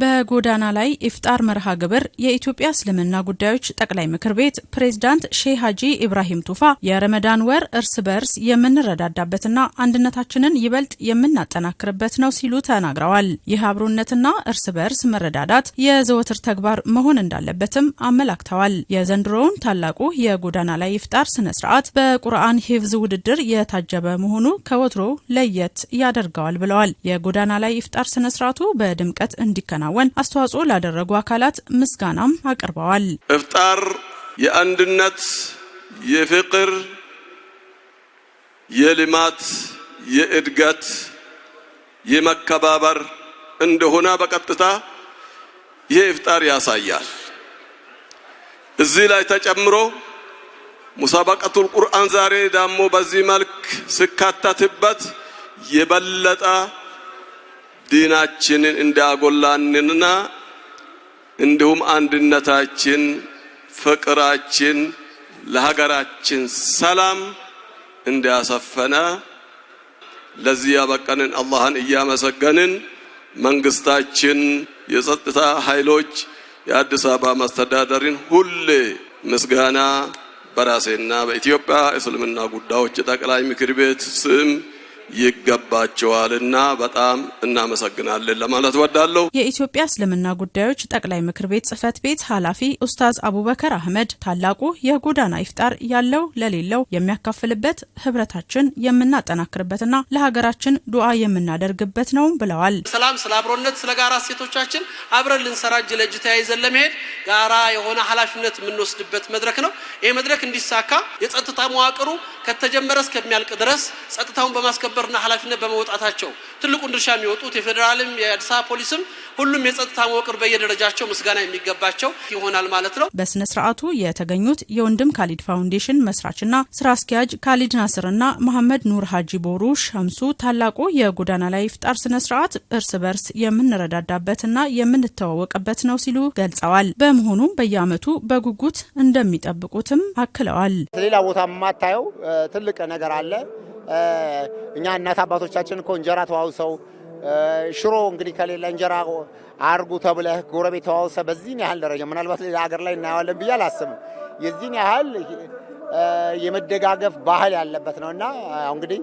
በጎዳና ላይ ኢፍጣር መርሃ ግብር የኢትዮጵያ እስልምና ጉዳዮች ጠቅላይ ምክር ቤት ፕሬዝዳንት ሼህ ሀጂ ኢብራሂም ቱፋ የረመዳን ወር እርስ በርስ የምንረዳዳበትና አንድነታችንን ይበልጥ የምናጠናክርበት ነው ሲሉ ተናግረዋል። ይህ አብሮነትና እርስ በርስ መረዳዳት የዘወትር ተግባር መሆን እንዳለበትም አመላክተዋል። የዘንድሮውን ታላቁ የጎዳና ላይ ኢፍጣር ስነ ስርዓት በቁርአን ሂፍዝ ውድድር የታጀበ መሆኑ ከወትሮ ለየት ያደርገዋል ብለዋል። የጎዳና ላይ ኢፍጣር ስነ ስርዓቱ በድምቀት እንዲከ እንዲከናወን አስተዋጽኦ ላደረጉ አካላት ምስጋናም አቅርበዋል። እፍጣር የአንድነት፣ የፍቅር፣ የልማት፣ የእድገት፣ የመከባበር እንደሆነ በቀጥታ ይሄ እፍጣር ያሳያል። እዚህ ላይ ተጨምሮ ሙሳበቀቱል ቁርአን ዛሬ ዳሞ በዚህ መልክ ስካተትበት የበለጠ ዲናችንን እንዳጎላንና እንዲሁም አንድነታችን፣ ፍቅራችን ለሀገራችን ሰላም እንዳሰፈነ ለዚህ ያበቀንን አላህን እያመሰገንን መንግስታችን፣ የጸጥታ ኃይሎች፣ የአዲስ አበባ መስተዳደርን ሁሌ ምስጋና በራሴና በኢትዮጵያ እስልምና ጉዳዮች ጠቅላይ ምክር ቤት ስም ይገባቸዋልና በጣም እናመሰግናለን ለማለት ወዳለሁ። የኢትዮጵያ እስልምና ጉዳዮች ጠቅላይ ምክር ቤት ጽህፈት ቤት ኃላፊ ኡስታዝ አቡበከር አህመድ ታላቁ የጎዳና ይፍጣር ያለው ለሌለው የሚያካፍልበት ህብረታችን የምናጠናክርበትና ለሀገራችን ዱዓ የምናደርግበት ነው ብለዋል። ሰላም፣ ስለ አብሮነት፣ ስለ ጋራ እሴቶቻችን አብረን ልንሰራ እጅ ለእጅ ተያይዘን ለመሄድ ጋራ የሆነ ኃላፊነት የምንወስድበት መድረክ ነው። ይህ መድረክ እንዲሳካ የጸጥታ መዋቅሩ ከተጀመረ እስከሚያልቅ ድረስ ጸጥታውን በማስከበር ማስከበርና ኃላፊነት በመውጣታቸው ትልቁን ድርሻ የሚወጡት የፌዴራልም የአዲስ አበባ ፖሊስም ሁሉም የጸጥታ መወቅር በየደረጃቸው ምስጋና የሚገባቸው ይሆናል ማለት ነው። በስነ ስርዓቱ የተገኙት የወንድም ካሊድ ፋውንዴሽን መስራችና ስራ አስኪያጅ ካሊድ ናስርና መሐመድ ኑር ሀጂ ቦሩ ሸምሱ ታላቁ የጎዳና ላይ ፍጣር ስነ ስርዓት እርስ በርስ የምንረዳዳበትና የምንተዋወቅበት ነው ሲሉ ገልጸዋል። በመሆኑም በየዓመቱ በጉጉት እንደሚጠብቁትም አክለዋል። ሌላ ቦታ የማታየው ትልቅ ነገር አለ። እኛ እናት አባቶቻችን እኮ እንጀራ ተዋውሰው ሽሮ እንግዲህ ከሌለ እንጀራ አርጉ ተብለህ ጎረቤት ተዋውሰ በዚህን ያህል ደረጃ ምናልባት ሌላ ሀገር ላይ እናየዋለን ብዬ አላስብም። የዚህን ያህል የመደጋገፍ ባህል ያለበት ነው እና እንግዲህ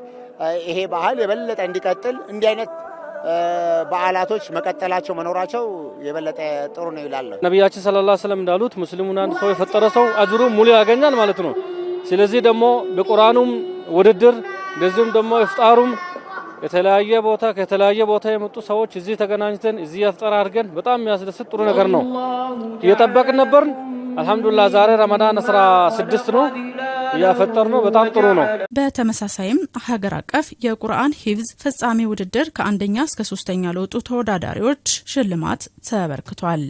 ይሄ ባህል የበለጠ እንዲቀጥል እንዲህ አይነት በዓላቶች መቀጠላቸው መኖራቸው የበለጠ ጥሩ ነው ይላል ነቢያችን ሰለላሁ ዐለይሂ ወሰለም እንዳሉት ሙስሊሙን አንድ ሰው የፈጠረ ሰው አጅሩ ሙሉ ያገኛል ማለት ነው። ስለዚህ ደግሞ በቁርአኑም ውድድር እንደዚሁም ደግሞ እፍጣሩም የተለያየ ቦታ ከተለያየ ቦታ የመጡ ሰዎች እዚህ ተገናኝተን እዚህ ኢፍጣር አድርገን በጣም የሚያስደስት ጥሩ ነገር ነው። እየጠበቅን ነበርን። አልሐምዱሊላህ ዛሬ ረመዳን 16 ነው እያፈጠር ነው። በጣም ጥሩ ነው። በተመሳሳይም ሀገር አቀፍ የቁርአን ሂፍዝ ፍጻሜ ውድድር ከአንደኛ እስከ ሶስተኛ ለወጡ ተወዳዳሪዎች ሽልማት ተበርክቷል።